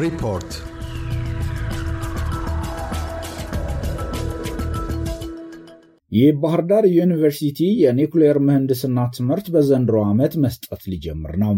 ሪፖርት የባህር ዳር ዩኒቨርሲቲ የኒውክሌር ምህንድስና ትምህርት በዘንድሮ ዓመት መስጠት ሊጀምር ነው።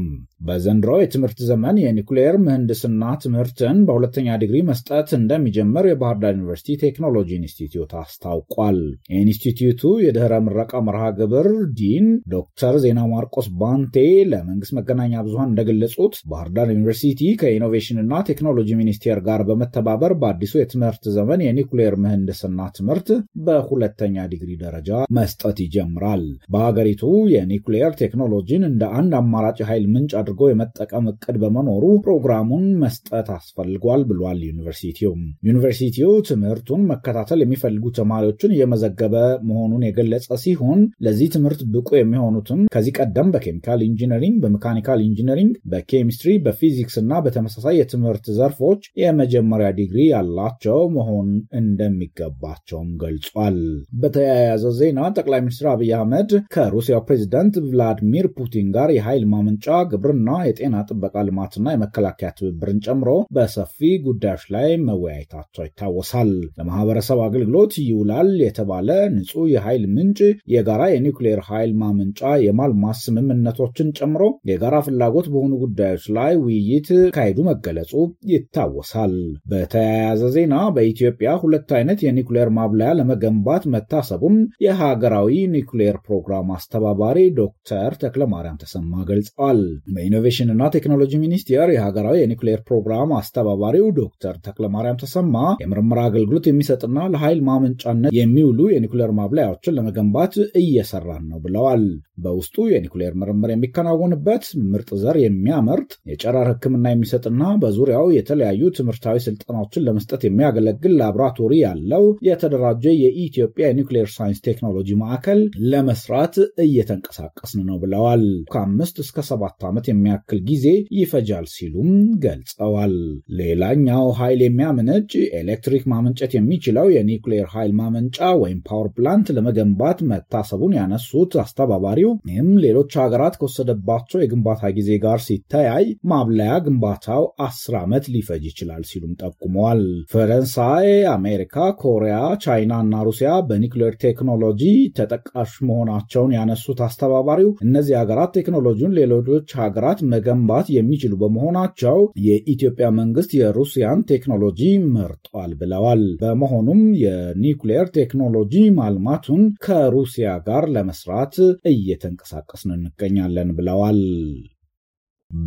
በዘንድሮ የትምህርት ዘመን የኒኩሌየር ምህንድስና ትምህርትን በሁለተኛ ዲግሪ መስጠት እንደሚጀምር የባህር ዳር ዩኒቨርሲቲ ቴክኖሎጂ ኢንስቲትዩት አስታውቋል። የኢንስቲትዩቱ የድኅረ ምረቃ መርሃ ግብር ዲን ዶክተር ዜና ማርቆስ ባንቴ ለመንግስት መገናኛ ብዙሃን እንደገለጹት ባህር ዳር ዩኒቨርሲቲ ከኢኖቬሽንና ቴክኖሎጂ ሚኒስቴር ጋር በመተባበር በአዲሱ የትምህርት ዘመን የኒኩሌየር ምህንድስና ትምህርት በሁለተኛ ዲግሪ ደረጃ መስጠት ይጀምራል። በሀገሪቱ የኒኩሌየር ቴክኖሎጂን እንደ አንድ አማራጭ ኃይል ምንጭ አድርጎ የመጠቀም እቅድ በመኖሩ ፕሮግራሙን መስጠት አስፈልጓል ብሏል ዩኒቨርሲቲው። ዩኒቨርሲቲው ትምህርቱን መከታተል የሚፈልጉ ተማሪዎችን እየመዘገበ መሆኑን የገለጸ ሲሆን ለዚህ ትምህርት ብቁ የሚሆኑትም ከዚህ ቀደም በኬሚካል ኢንጂነሪንግ፣ በሜካኒካል ኢንጂነሪንግ፣ በኬሚስትሪ፣ በፊዚክስ እና በተመሳሳይ የትምህርት ዘርፎች የመጀመሪያ ዲግሪ ያላቸው መሆን እንደሚገባቸውም ገልጿል። በተያያዘ ዜና ጠቅላይ ሚኒስትር አብይ አህመድ ከሩሲያ ፕሬዚዳንት ቭላዲሚር ፑቲን ጋር የኃይል ማመንጫ ግብርና የግብርና፣ የጤና ጥበቃ ልማትና የመከላከያ ትብብርን ጨምሮ በሰፊ ጉዳዮች ላይ መወያየታቸው ይታወሳል። ለማህበረሰብ አገልግሎት ይውላል የተባለ ንጹህ የኃይል ምንጭ፣ የጋራ የኒውክሌር ኃይል ማመንጫ የማልማት ስምምነቶችን ጨምሮ የጋራ ፍላጎት በሆኑ ጉዳዮች ላይ ውይይት ካሄዱ መገለጹ ይታወሳል። በተያያዘ ዜና በኢትዮጵያ ሁለት አይነት የኒውክሌር ማብላያ ለመገንባት መታሰቡን የሀገራዊ ኒውክሌር ፕሮግራም አስተባባሪ ዶክተር ተክለማርያም ተሰማ ገልጸዋል። በኢኖቬሽንና ቴክኖሎጂ ሚኒስቴር የሀገራዊ የኒውክሌር ፕሮግራም አስተባባሪው ዶክተር ተክለማርያም ተሰማ የምርምር አገልግሎት የሚሰጥና ለኃይል ማመንጫነት የሚውሉ የኒኩሌር ማብላያዎችን ለመገንባት እየሰራን ነው ብለዋል። በውስጡ የኒውክሌር ምርምር የሚከናወንበት ምርጥ ዘር የሚያመርት የጨረር ሕክምና የሚሰጥና በዙሪያው የተለያዩ ትምህርታዊ ስልጠናዎችን ለመስጠት የሚያገለግል ላብራቶሪ ያለው የተደራጀ የኢትዮጵያ የኒውክሌር ሳይንስ ቴክኖሎጂ ማዕከል ለመስራት እየተንቀሳቀስን ነው ብለዋል። ከአምስት እስከ ሰባት ዓመት የሚያክል ጊዜ ይፈጃል ሲሉም ገልጸዋል። ሌላኛው ኃይል የሚያመነጭ ኤሌክትሪክ ማመንጨት የሚችለው የኒውክሌር ኃይል ማመንጫ ወይም ፓወር ፕላንት ለመገንባት መታሰቡን ያነሱት አስተባባሪው ይህም ሌሎች ሀገራት ከወሰደባቸው የግንባታ ጊዜ ጋር ሲተያይ ማብለያ ግንባታው አስር ዓመት ሊፈጅ ይችላል ሲሉም ጠቁመዋል። ፈረንሳይ፣ አሜሪካ፣ ኮሪያ፣ ቻይና እና ሩሲያ በኒውክሌር ቴክኖሎጂ ተጠቃሽ መሆናቸውን ያነሱት አስተባባሪው እነዚህ ሀገራት ቴክኖሎጂውን ሌሎች ሀገራት ሀገራት መገንባት የሚችሉ በመሆናቸው የኢትዮጵያ መንግስት የሩሲያን ቴክኖሎጂ መርጧል ብለዋል። በመሆኑም የኒውክሌር ቴክኖሎጂ ማልማቱን ከሩሲያ ጋር ለመስራት እየተንቀሳቀስን እንገኛለን ብለዋል።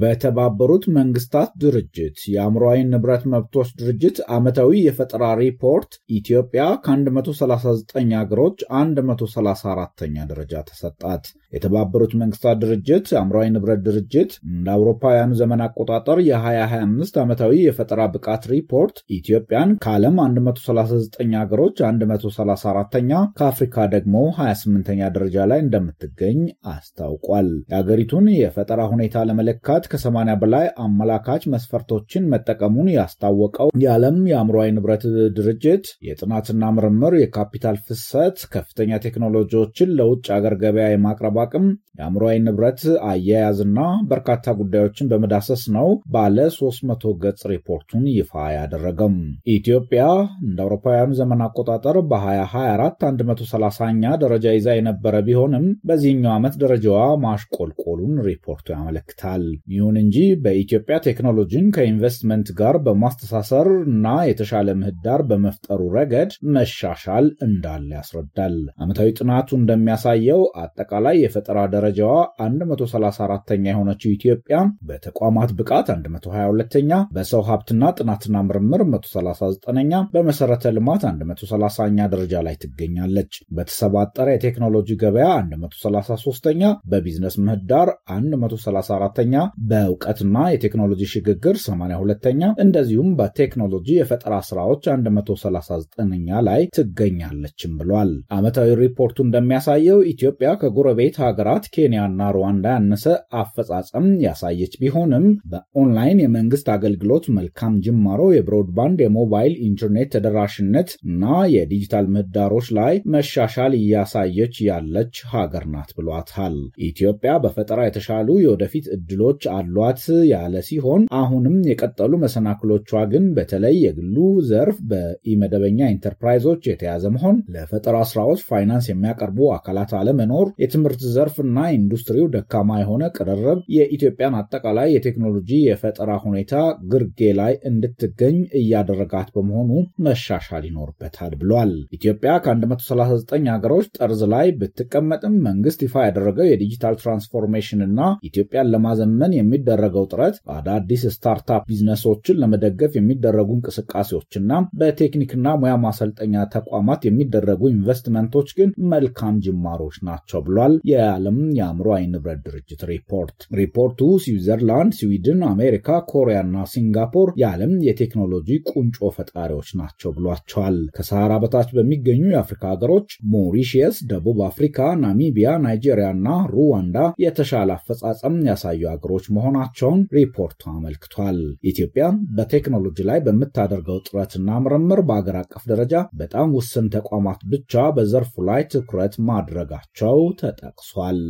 በተባበሩት መንግስታት ድርጅት የአእምሯዊ ንብረት መብቶች ድርጅት ዓመታዊ የፈጠራ ሪፖርት ኢትዮጵያ ከ139 አገሮች 134ኛ ደረጃ ተሰጣት። የተባበሩት መንግስታት ድርጅት የአእምሯዊ ንብረት ድርጅት እንደ አውሮፓውያኑ ዘመን አቆጣጠር የ2025 ዓመታዊ የፈጠራ ብቃት ሪፖርት ኢትዮጵያን ከዓለም 139 አገሮች 134ኛ ከአፍሪካ ደግሞ 28ኛ ደረጃ ላይ እንደምትገኝ አስታውቋል። የአገሪቱን የፈጠራ ሁኔታ ለመለካት ለመረዳት ከ80 በላይ አመላካች መስፈርቶችን መጠቀሙን ያስታወቀው የዓለም የአእምሯዊ ንብረት ድርጅት የጥናትና ምርምር፣ የካፒታል ፍሰት፣ ከፍተኛ ቴክኖሎጂዎችን ለውጭ አገር ገበያ የማቅረብ አቅም፣ የአእምሯዊ ንብረት አያያዝና በርካታ ጉዳዮችን በመዳሰስ ነው ባለ 300 ገጽ ሪፖርቱን ይፋ ያደረገም። ኢትዮጵያ እንደ አውሮፓውያኑ ዘመን አቆጣጠር በ2024 130ኛ ደረጃ ይዛ የነበረ ቢሆንም በዚህኛው ዓመት ደረጃዋ ማሽቆልቆሉን ሪፖርቱ ያመለክታል። ይሁን እንጂ በኢትዮጵያ ቴክኖሎጂን ከኢንቨስትመንት ጋር በማስተሳሰር እና የተሻለ ምህዳር በመፍጠሩ ረገድ መሻሻል እንዳለ ያስረዳል። ዓመታዊ ጥናቱ እንደሚያሳየው አጠቃላይ የፈጠራ ደረጃዋ 134ኛ የሆነችው ኢትዮጵያ በተቋማት ብቃት 122ኛ፣ በሰው ሀብትና ጥናትና ምርምር 139ኛ፣ በመሰረተ ልማት 130ኛ ደረጃ ላይ ትገኛለች። በተሰባጠረ የቴክኖሎጂ ገበያ 133ኛ፣ በቢዝነስ ምህዳር 134ኛ፣ በእውቀትና የቴክኖሎጂ ሽግግር 82ኛ እንደዚሁም በቴክኖሎጂ የፈጠራ ስራዎች 139ኛ ላይ ትገኛለችም ብሏል። ዓመታዊ ሪፖርቱ እንደሚያሳየው ኢትዮጵያ ከጎረቤት ሀገራት ኬንያና ሩዋንዳ ያነሰ አፈጻጸም ያሳየች ቢሆንም በኦንላይን የመንግስት አገልግሎት መልካም ጅማሮ፣ የብሮድባንድ የሞባይል ኢንተርኔት ተደራሽነት እና የዲጂታል ምህዳሮች ላይ መሻሻል እያሳየች ያለች ሀገር ናት ብሏታል። ኢትዮጵያ በፈጠራ የተሻሉ የወደፊት ዕድሎች መሰናክሎች አሏት ያለ ሲሆን አሁንም የቀጠሉ መሰናክሎቿ ግን በተለይ የግሉ ዘርፍ በኢመደበኛ ኢንተርፕራይዞች የተያዘ መሆን፣ ለፈጠራ ስራዎች ፋይናንስ የሚያቀርቡ አካላት አለመኖር፣ የትምህርት ዘርፍና ኢንዱስትሪው ደካማ የሆነ ቅርርብ የኢትዮጵያን አጠቃላይ የቴክኖሎጂ የፈጠራ ሁኔታ ግርጌ ላይ እንድትገኝ እያደረጋት በመሆኑ መሻሻል ይኖርበታል ብሏል። ኢትዮጵያ ከ139 ሀገሮች ጠርዝ ላይ ብትቀመጥም መንግስት ይፋ ያደረገው የዲጂታል ትራንስፎርሜሽን እና ኢትዮጵያን ለማዘመን ለማዘመን የሚደረገው ጥረት በአዳዲስ ስታርታፕ ቢዝነሶችን ለመደገፍ የሚደረጉ እንቅስቃሴዎችና በቴክኒክና ሙያ ማሰልጠኛ ተቋማት የሚደረጉ ኢንቨስትመንቶች ግን መልካም ጅማሮች ናቸው ብሏል የዓለም የአእምሮ አይንብረት ንብረት ድርጅት ሪፖርት። ሪፖርቱ ስዊዘርላንድ፣ ስዊድን፣ አሜሪካ፣ ኮሪያና ሲንጋፖር የዓለም የቴክኖሎጂ ቁንጮ ፈጣሪዎች ናቸው ብሏቸዋል። ከሰሃራ በታች በሚገኙ የአፍሪካ ሀገሮች ሞሪሽየስ፣ ደቡብ አፍሪካ፣ ናሚቢያ፣ ናይጄሪያና ሩዋንዳ የተሻለ አፈጻጸም ያሳዩ ሀገሮች ሰዎች መሆናቸውን ሪፖርቱ አመልክቷል። ኢትዮጵያ በቴክኖሎጂ ላይ በምታደርገው ጥረትና ምርምር በአገር አቀፍ ደረጃ በጣም ውስን ተቋማት ብቻ በዘርፉ ላይ ትኩረት ማድረጋቸው ተጠቅሷል።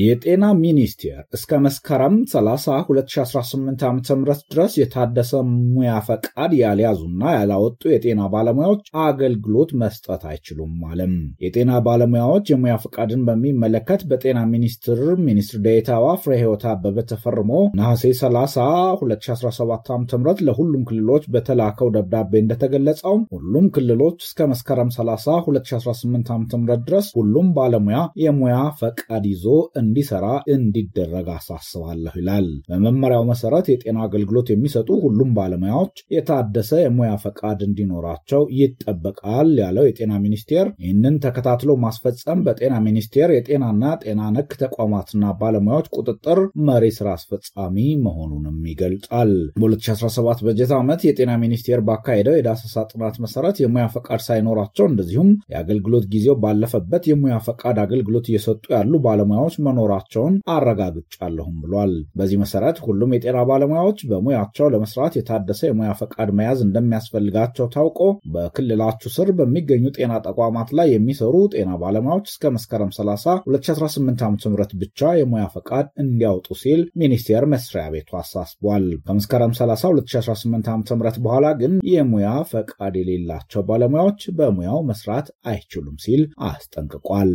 የጤና ሚኒስቴር እስከ መስከረም 30 2018 ዓ ም ድረስ የታደሰ ሙያ ፈቃድ ያልያዙና ያላወጡ የጤና ባለሙያዎች አገልግሎት መስጠት አይችሉም አለም። የጤና ባለሙያዎች የሙያ ፈቃድን በሚመለከት በጤና ሚኒስትር ሚኒስትር ዴኤታዋ ፍሬህይወት አበበ ተፈርሞ ነሐሴ 30 2017 ዓ ም ለሁሉም ክልሎች በተላከው ደብዳቤ እንደተገለጸው ሁሉም ክልሎች እስከ መስከረም 30 2018 ዓ ም ድረስ ሁሉም ባለሙያ የሙያ ፈቃድ ይዞ እንዲሰራ እንዲደረግ አሳስባለሁ ይላል። በመመሪያው መሰረት የጤና አገልግሎት የሚሰጡ ሁሉም ባለሙያዎች የታደሰ የሙያ ፈቃድ እንዲኖራቸው ይጠበቃል ያለው የጤና ሚኒስቴር ይህንን ተከታትሎ ማስፈጸም በጤና ሚኒስቴር የጤናና ጤና ነክ ተቋማትና ባለሙያዎች ቁጥጥር መሪ ስራ አስፈጻሚ መሆኑንም ይገልጻል። በ2017 በጀት ዓመት የጤና ሚኒስቴር ባካሄደው የዳሰሳ ጥናት መሰረት የሙያ ፈቃድ ሳይኖራቸው እንደዚሁም የአገልግሎት ጊዜው ባለፈበት የሙያ ፈቃድ አገልግሎት እየሰጡ ያሉ ባለሙያዎች መኖራቸውን አረጋግጫለሁም ብሏል። በዚህ መሰረት ሁሉም የጤና ባለሙያዎች በሙያቸው ለመስራት የታደሰ የሙያ ፈቃድ መያዝ እንደሚያስፈልጋቸው ታውቆ በክልላችሁ ስር በሚገኙ ጤና ተቋማት ላይ የሚሰሩ ጤና ባለሙያዎች እስከ መስከረም 30 2018 ዓ ም ብቻ የሙያ ፈቃድ እንዲያወጡ ሲል ሚኒስቴር መስሪያ ቤቱ አሳስቧል። ከመስከረም 30 2018 ዓ ም በኋላ ግን የሙያ ፈቃድ የሌላቸው ባለሙያዎች በሙያው መስራት አይችሉም ሲል አስጠንቅቋል።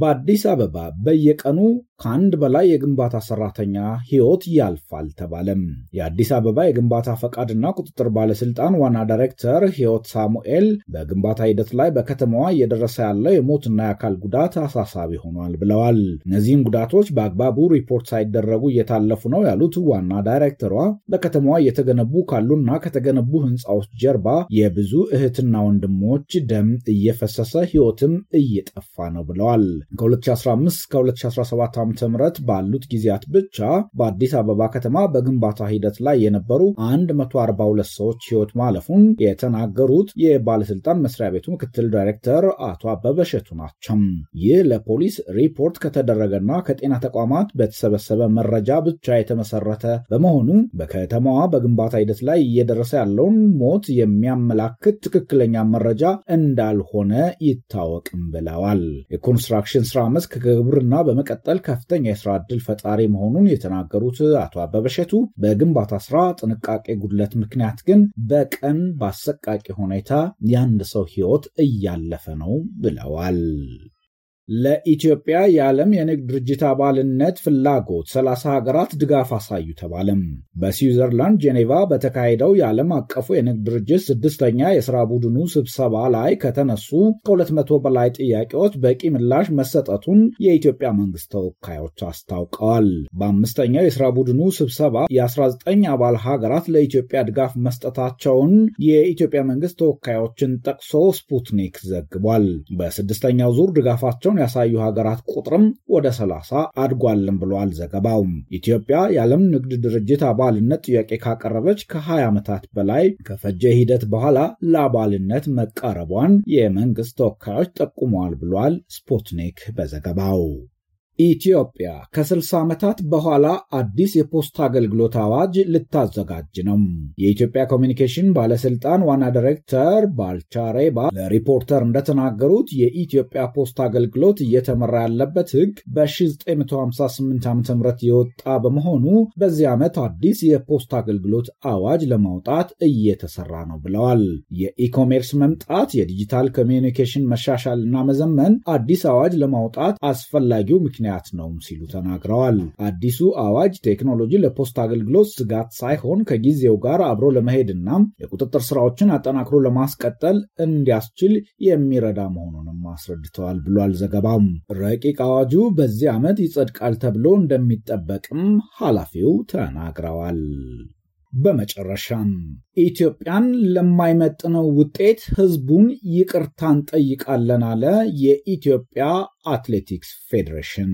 በአዲስ አበባ በየቀኑ ከአንድ በላይ የግንባታ ሰራተኛ ሕይወት ያልፋል ተባለም። የአዲስ አበባ የግንባታ ፈቃድና ቁጥጥር ባለስልጣን ዋና ዳይሬክተር ሕይወት ሳሙኤል በግንባታ ሂደት ላይ በከተማዋ እየደረሰ ያለው የሞትና የአካል ጉዳት አሳሳቢ ሆኗል ብለዋል። እነዚህም ጉዳቶች በአግባቡ ሪፖርት ሳይደረጉ እየታለፉ ነው ያሉት ዋና ዳይሬክተሯ በከተማዋ እየተገነቡ ካሉና ከተገነቡ ህንፃዎች ጀርባ የብዙ እህትና ወንድሞች ደም እየፈሰሰ ሕይወትም እየጠፋ ነው ብለዋል። ከ2015 ከ 2017 ዓ.ም ባሉት ጊዜያት ብቻ በአዲስ አበባ ከተማ በግንባታ ሂደት ላይ የነበሩ 142 ሰዎች ህይወት ማለፉን የተናገሩት የባለስልጣን መስሪያ ቤቱ ምክትል ዳይሬክተር አቶ አበበ ሸቱ ናቸው። ይህ ለፖሊስ ሪፖርት ከተደረገና ከጤና ተቋማት በተሰበሰበ መረጃ ብቻ የተመሰረተ በመሆኑ በከተማዋ በግንባታ ሂደት ላይ እየደረሰ ያለውን ሞት የሚያመላክት ትክክለኛ መረጃ እንዳልሆነ ይታወቅም ብለዋል። የኮንስትራክሽን ስራ መስክ ከግብርና በመቀጠል ከፍ ከፍተኛ የስራ ዕድል ፈጣሪ መሆኑን የተናገሩት አቶ አበበሸቱ በግንባታ ስራ ጥንቃቄ ጉድለት ምክንያት ግን በቀን በአሰቃቂ ሁኔታ የአንድ ሰው ህይወት እያለፈ ነው ብለዋል። ለኢትዮጵያ የዓለም የንግድ ድርጅት አባልነት ፍላጎት 30 ሀገራት ድጋፍ አሳዩ ተባለም። በስዊዘርላንድ ጄኔቫ በተካሄደው የዓለም አቀፉ የንግድ ድርጅት ስድስተኛ የሥራ ቡድኑ ስብሰባ ላይ ከተነሱ ከ200 በላይ ጥያቄዎች በቂ ምላሽ መሰጠቱን የኢትዮጵያ መንግስት ተወካዮች አስታውቀዋል። በአምስተኛው የሥራ ቡድኑ ስብሰባ የ19 አባል ሀገራት ለኢትዮጵያ ድጋፍ መስጠታቸውን የኢትዮጵያ መንግስት ተወካዮችን ጠቅሶ ስፑትኒክ ዘግቧል። በስድስተኛው ዙር ድጋፋቸውን የሚያሳዩ ሀገራት ቁጥርም ወደ 30 አድጓልም ብሏል ዘገባው። ኢትዮጵያ የዓለም ንግድ ድርጅት አባልነት ጥያቄ ካቀረበች ከ20 ዓመታት በላይ ከፈጀ ሂደት በኋላ ለአባልነት መቃረቧን የመንግስት ተወካዮች ጠቁመዋል ብሏል ስፑትኒክ በዘገባው። ኢትዮጵያ ከ60 ዓመታት በኋላ አዲስ የፖስታ አገልግሎት አዋጅ ልታዘጋጅ ነው። የኢትዮጵያ ኮሚኒኬሽን ባለስልጣን ዋና ዳይሬክተር ባልቻሬባ ለሪፖርተር እንደተናገሩት የኢትዮጵያ ፖስታ አገልግሎት እየተመራ ያለበት ሕግ በ1958 ዓ ም የወጣ በመሆኑ በዚህ ዓመት አዲስ የፖስታ አገልግሎት አዋጅ ለማውጣት እየተሰራ ነው ብለዋል። የኢኮሜርስ መምጣት፣ የዲጂታል ኮሚኒኬሽን መሻሻልና መዘመን አዲስ አዋጅ ለማውጣት አስፈላጊው ምክንያት ምክንያት ነው ሲሉ ተናግረዋል። አዲሱ አዋጅ ቴክኖሎጂ ለፖስት አገልግሎት ስጋት ሳይሆን ከጊዜው ጋር አብሮ ለመሄድና የቁጥጥር ስራዎችን አጠናክሮ ለማስቀጠል እንዲያስችል የሚረዳ መሆኑንም አስረድተዋል ብሏል ዘገባም። ረቂቅ አዋጁ በዚህ ዓመት ይጸድቃል ተብሎ እንደሚጠበቅም ኃላፊው ተናግረዋል። በመጨረሻም ኢትዮጵያን ለማይመጥነው ውጤት ህዝቡን ይቅርታን ጠይቃለን አለ የኢትዮጵያ አትሌቲክስ ፌዴሬሽን።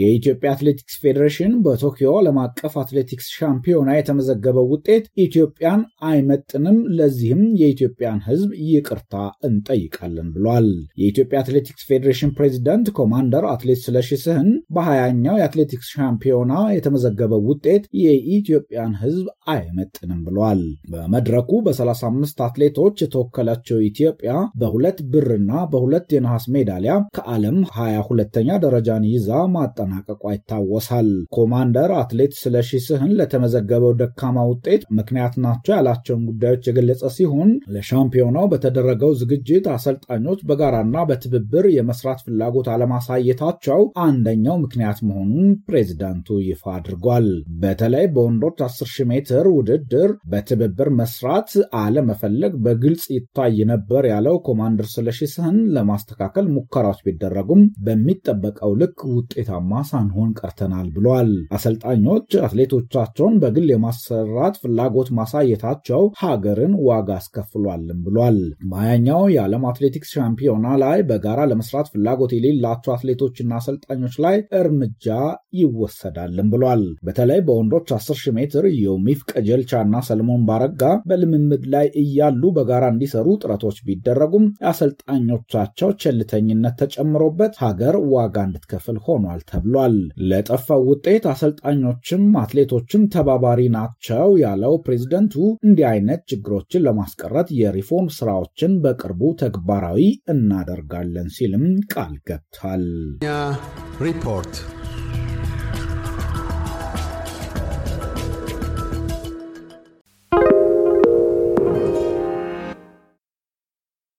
የኢትዮጵያ አትሌቲክስ ፌዴሬሽን በቶኪዮ ዓለም አቀፍ አትሌቲክስ ሻምፒዮና የተመዘገበው ውጤት ኢትዮጵያን አይመጥንም፣ ለዚህም የኢትዮጵያን ሕዝብ ይቅርታ እንጠይቃለን ብሏል። የኢትዮጵያ አትሌቲክስ ፌዴሬሽን ፕሬዚዳንት ኮማንደር አትሌት ስለሺ ስህን በሀያኛው የአትሌቲክስ ሻምፒዮና የተመዘገበው ውጤት የኢትዮጵያን ሕዝብ አይመጥንም ብሏል። በመድረኩ በ35 አትሌቶች የተወከላቸው ኢትዮጵያ በሁለት ብርና በሁለት የነሐስ ሜዳሊያ ከዓለም 22ኛ ደረጃን ይዛ ማጣ ማጠናቀቁ ይታወሳል። ኮማንደር አትሌት ስለሺ ስህን ለተመዘገበው ደካማ ውጤት ምክንያት ናቸው ያላቸውን ጉዳዮች የገለጸ ሲሆን ለሻምፒዮናው በተደረገው ዝግጅት አሰልጣኞች በጋራና በትብብር የመስራት ፍላጎት አለማሳየታቸው አንደኛው ምክንያት መሆኑን ፕሬዚዳንቱ ይፋ አድርጓል። በተለይ በወንዶች 10,000 ሜትር ውድድር በትብብር መስራት አለመፈለግ በግልጽ ይታይ ነበር ያለው ኮማንደር ስለሺ ስህን ለማስተካከል ሙከራዎች ቢደረጉም በሚጠበቀው ልክ ውጤታማ ውጤታማ ሳንሆን ቀርተናል ብሏል። አሰልጣኞች አትሌቶቻቸውን በግል የማሰራት ፍላጎት ማሳየታቸው ሀገርን ዋጋ አስከፍሏልም ብሏል። ማያኛው የዓለም አትሌቲክስ ሻምፒዮና ላይ በጋራ ለመስራት ፍላጎት የሌላቸው አትሌቶችና አሰልጣኞች ላይ እርምጃ ይወሰዳልም ብሏል። በተለይ በወንዶች 10000 ሜትር ዮሚፍ ቀጀልቻ እና ሰለሞን ባረጋ በልምምድ ላይ እያሉ በጋራ እንዲሰሩ ጥረቶች ቢደረጉም የአሰልጣኞቻቸው ቸልተኝነት ተጨምሮበት ሀገር ዋጋ እንድትከፍል ሆኗል ተብሏል። ተብሏል። ለጠፋው ውጤት አሰልጣኞችም አትሌቶችም ተባባሪ ናቸው ያለው ፕሬዝደንቱ እንዲህ አይነት ችግሮችን ለማስቀረት የሪፎርም ስራዎችን በቅርቡ ተግባራዊ እናደርጋለን ሲልም ቃል ገብቷል። ሪፖርት